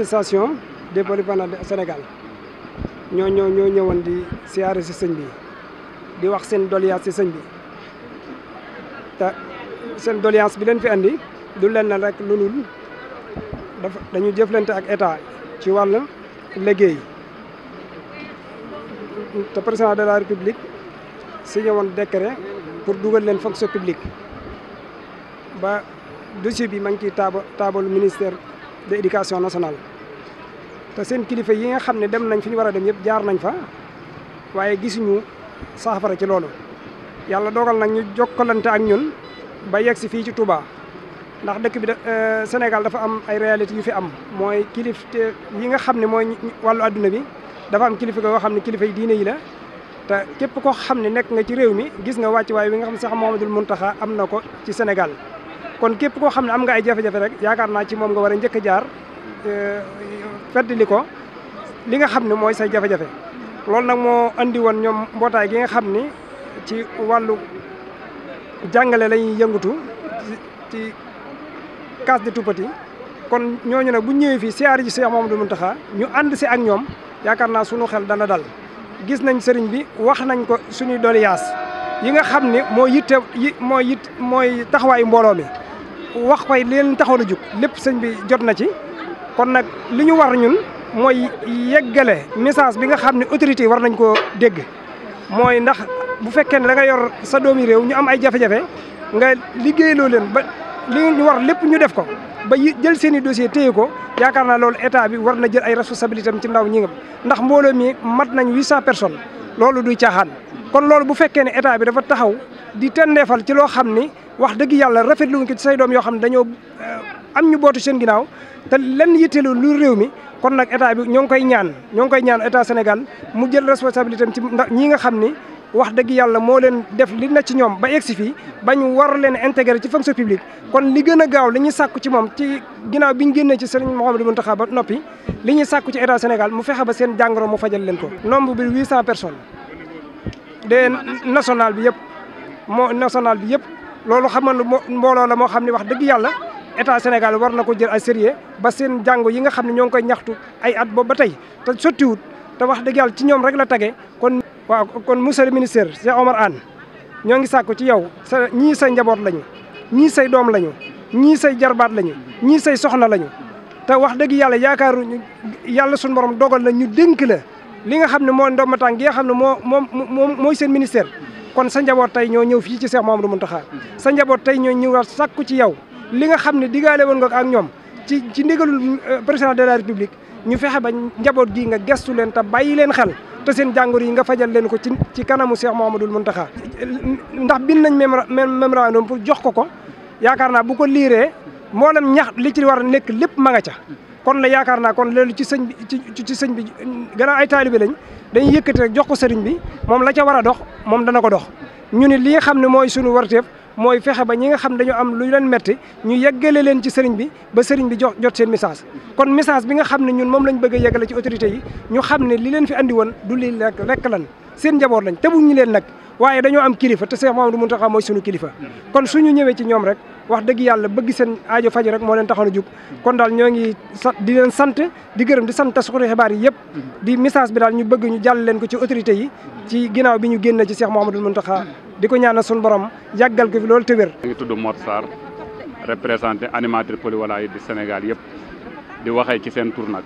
association des polypenal Sénégal ñoo ñoo ñoo ñëwoon di siyaare si sëñ bi di wax seen doléance si sëñ bi te seen doléance bi leen fi andi du leen na rek lu dul dafa dañu jëflante ak état ci wàll liggéey te président de la république signé woon décret pour dugal leen fonction publique ba dossier bi ma ngi ciy taaba taabalu ministère de l'éducation nationale seen kilifa yi nga xam ne dem nañ fi ñu war a dem yëpp jaar nañ fa waaye gisuñu saafara ci loolu yàlla dogal nag ñu jokkalante ak ñun ba yegg si fii ci Touba ndax dëkk bi da euh, Sénégal dafa am ay réalité yu fi am mooy kilif yi nga xam ne mooy wàllu adduna bi dafa am kilifa yoo xam ne kilifa yi diine yi la te képp koo xam ne nekk nga ci réew mi gis nga wàcc waaye wi nga xam ne sax Mouhamadoul Mountakha am na ko ci Sénégal kon képp koo xam ne am nga ay jafe-jafe rek yaakaar naa ci moom nga war a njëkk a jaar euh, feddali ko li nga xam ne mooy say jafe-jafe loolu nag moo andi woon ñoom mbootaay gi nga xam ni ci wàllu jàngale lañuy yëngatu ci case des tout-petits kon ñooñu nag bu ñëwee fii siyaare ji Cheikh Mamadou Mountakha ñu ànd si ak ñoom yaakaar naa sunu xel dana dal gis nañ sëriñ bi wax nañ ko suñuy doléances yi nga xam ni moo yitte mooy it taxawaayu mbooloo mi wax koy leen taxoon a jug lépp sëñ bi jot na ci kon nag li ñu war ñun mooy yeggale message bi nga xam ne autorité war nañ ko dégg mooy ndax bu fekkee ne da nga yor sa doom doomi réew ñu am ay jafe-jafe nga liggéeyloo leen ba li ñu war lépp ñu def ko ba jël seeni i dossier téye ko yaakaar naa loolu état bi war na jël ay responsabilité am ci ndaw ñi nga ndax mbooloo mi mat nañ huit cent personnes loolu duy caaxaan kon loolu bu fekkee ne état bi dafa taxaw di neefal ci loo xam ni wax dëgg yàlla rafet wuñ ko say doom yoo xam ne dañoo euh, am ñu bootu seen ginnaaw te lenn yitteelu lu réew mi kon nag état bi ñoo ngi koy ñaan ñoo ngi koy ñaan état Sénégal mu jël responsabilité am ci ndax ñi nga xam ni wax dëgg yàlla moo leen def li na ci ñoom ba egsi fii ba ñu war leen intégré ci fonction publique kon li gën a gaaw li ñuy sàkku ci moom ci ginnaaw bi ñu génnee ci Serigne Mouhamadou Mountakha ba noppi li ñu sàkku ci état Sénégal mu fexe ba seen jàngoro mu fajal leen ko. nombre bi 800 personnes de national bi yëpp moo national bi yëpp loolu xam nga mbooloo la moo xam ne wax dëgg yàlla. état Sénégal war na ko jël à sérieux ba seen jàngo yi nga xam ne ñoo ngi koy ñaxtu ay at boobu ba tey te sottiwut te wax dëgg yàlla ci ñoom rek la tagee kon waaw kon monsieur le ministre Cheikh Omar Anne ñoo ngi sàkku ci yow sa ñii sa njaboot lañu ñii say doom lañu ñii say jarbaat lañu ñii say soxna lañu te wax dëgg yàlla yaakaaru yàlla suñu borom dogal na ñu dénk la li nga xam ne moo ndomba tànk nga xam ne moo moom mooy seen ministère kon sa njaboot tey ñoo ñëw fii ci Cheikh Mamadou Mountakha sa njaboot tey ñoo ñëwaat sàkku ci yow li nga xam ne digaale woon nga ak ñoom ci ci ndigalul euh, président de la république ñu fexe ba njaboot gi nga gestu leen te bàyyi leen xel te seen jàngoro yi nga fajal leen ko ci ci kanamu Cheikh Mouhamadoul Mountakha ndax bind nañ mémorandum pour jox ko ko yaakaar naa bu ko liiree mboolem ñax li ci war a nekk lépp ma nga kon la yaakaar naa kon loolu ci sëñ bi ci sëñ bi gannaaw ay taalibe lañ dañuy yëkkati rek jox ko sëriñ bi moom la ca war a dox moom dana ko dox ñu ne li nga xam ne mooy sunu warteef mooy fexe ba ñi nga xam dañoo am lu leen metti ñu yeggale leen ci sëriñ bi ba sëriñ bi jox jot seen message kon message bi nga xam ne ñun moom lañ bëgg a yeggale ci autorité yi ñu xam ne li leen fi andi woon du li lekk lan seen njaboot lañ tëbu ñu leen nag waaye dañoo am kilifa te Cheikh Mamadou Mountakha mooy sunu kilifa kon su suñu ñëwee ci ñoom rek wax dëgg yàlla bëgg seen aajo faju rek moo leen taxoon a jug kon daal ñoo ngi sa di leen sant di gërëm di sant tasxuru xibaar yi yëpp di message bi daal ñu bëgg ñu jàll leen ko ci autorité yi ci ginnaaw bi ñu génne ci Cheikh Mamadou Mountakha di ko ñaanal suñu borom yàggal ko fi loolu te wér. mi ngi tudd Mor Sarr représenté animateur poliwala yi di Sénégal yëpp di waxee ci seen tur nag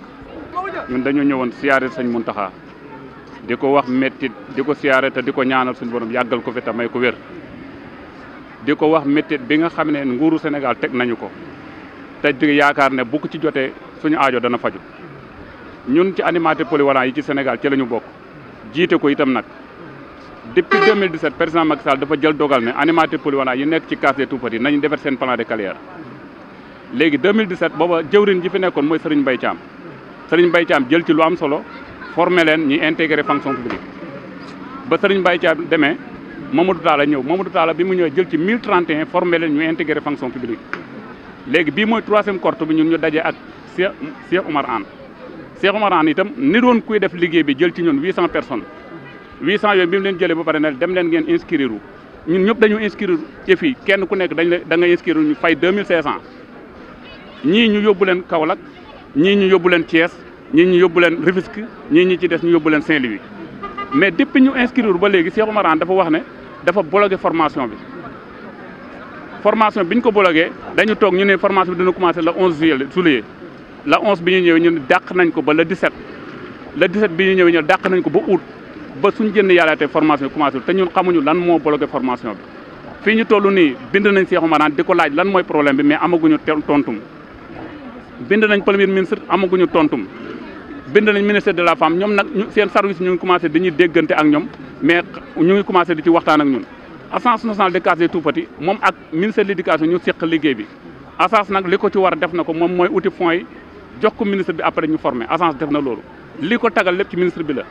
ñun dañu ñëwoon siyaare sëñ Muntaxa di ko wax méttit di ko siyaare te di ko ñaanal suñ borom yàggal ko fi te may ko wér. di ko wax méttit bi nga xam ne nguuru Sénégal teg nañu ko te di yaakaar ne bu ci jotee suñu aajo dana faju ñun ci animateur poliwala yi ci Sénégal ci lañu bokk jiite ko itam nag. depuis 2017 président Macky Sall dafa jël dogal ne animateur polyvalent yi nekk ci case des tout-petits nañu defar seen plan de carrière léegi 2017 booba jëwrin ji fi nekkoon mooy Serigne Mbaye Thiam Serigne Mbaye Thiam jël ci lu am solo formé leen ñuy intégré fonction publique ba Serigne Mbaye Thiam demee Mamadou Talla ñëw Mamadou taala bi mu ñëwee jël ci 1031 formé leen ñuy intégré fonction publique léegi bii mooy troisième cohorte bi ñun ñu daje ak Cheikh Cheikh Oumar Anne Cheikh Oumar Anne itam ni kuy def liggéey bi jël ci ñun 800 personnes 800 yooyu bi mu leen jëlee ba pare ne dem leen ngeen inscrire ñun ñëpp dañu inscrire ci fii kenn ku nekk dañ la da nga inscrire ñu fay 2500 ñii ñu yóbbu leen Kaolack ñii ñu yóbbu leen Thiès ñii ñu yóbbu leen Rufisque ñii ñu ci des ñu yóbbu leen Saint-Louis mais depuis ñu inscrire ba léegi Cheikh Oumar Anne dafa wax ne dafa bloqué formation bi formation bi ñu ko bloqué dañu toog ñu ne formation bi dina commencé la onze juillet juillet la 11 bi ñu ñëwee ñu ne nañ ko ba le 17 le 17 bi ñu ñëwee ñu dàq nañ ko ba août. ba suñ jënd yàlla te formation bi commencé te ñun xamuñu lan moo bloqué formation bi fii ñu toll nii bind nañ Cheikh Oumar Anne di ko laaj lan mooy problème bi mais amaguñu tontum bind nañ premier ministre amaguñu tontum bind nañ ministère de la femme ñoom nag seen service ñu ngi commencé dañuy déggante ak ñoom mais ñu ngi commencé di ci waxtaan ak ñun agence nationale des cases des tout-petits moom ak ministère de l'éducation ñu seq liggéey bi agence nag li ko ci war def na ko moom mooy uti fonds yi jox ko ministre bi ñu formé agence def na loolu li ko tagal lépp ci bi la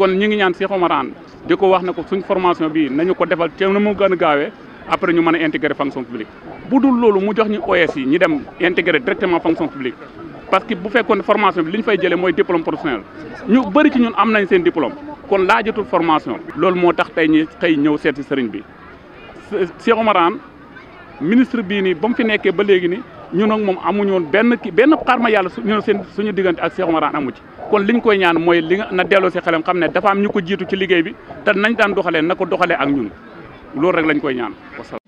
kon ñu ngi ñaan Cheikh Omar Anne di ko wax na ko suñ formation bii nañu ko defal te na mu gën a gaawee après ñu mën a intégrer fonction publique bu dul loolu mu jox ñu OS yi ñu dem intégrer directement fonction publique parce que bu fekkoon ne formation bi li ñu fay jëlee mooy diplôme professionnel ñu bëri ci ñun am nañ seen diplôme kon laajatul formation loolu moo tax tey ñi xëy ñëw seeti sëriñ bi Cheikh Omar Anne ministre bii nii ba mu fi nekkee ba léegi nii ñun ak moom amuñu woon benn ki benn xarma yàlla suñu seen suñu diggante ak Cheikh Oumar Anne amu ci kon liñ koy ñaan mooy li nga na delloo si xelam xam ne dafa am ñu ko jiitu ci liggéey bi te nañ daan doxalee na ko doxalee ak ñun loolu rek lañ koy ñaan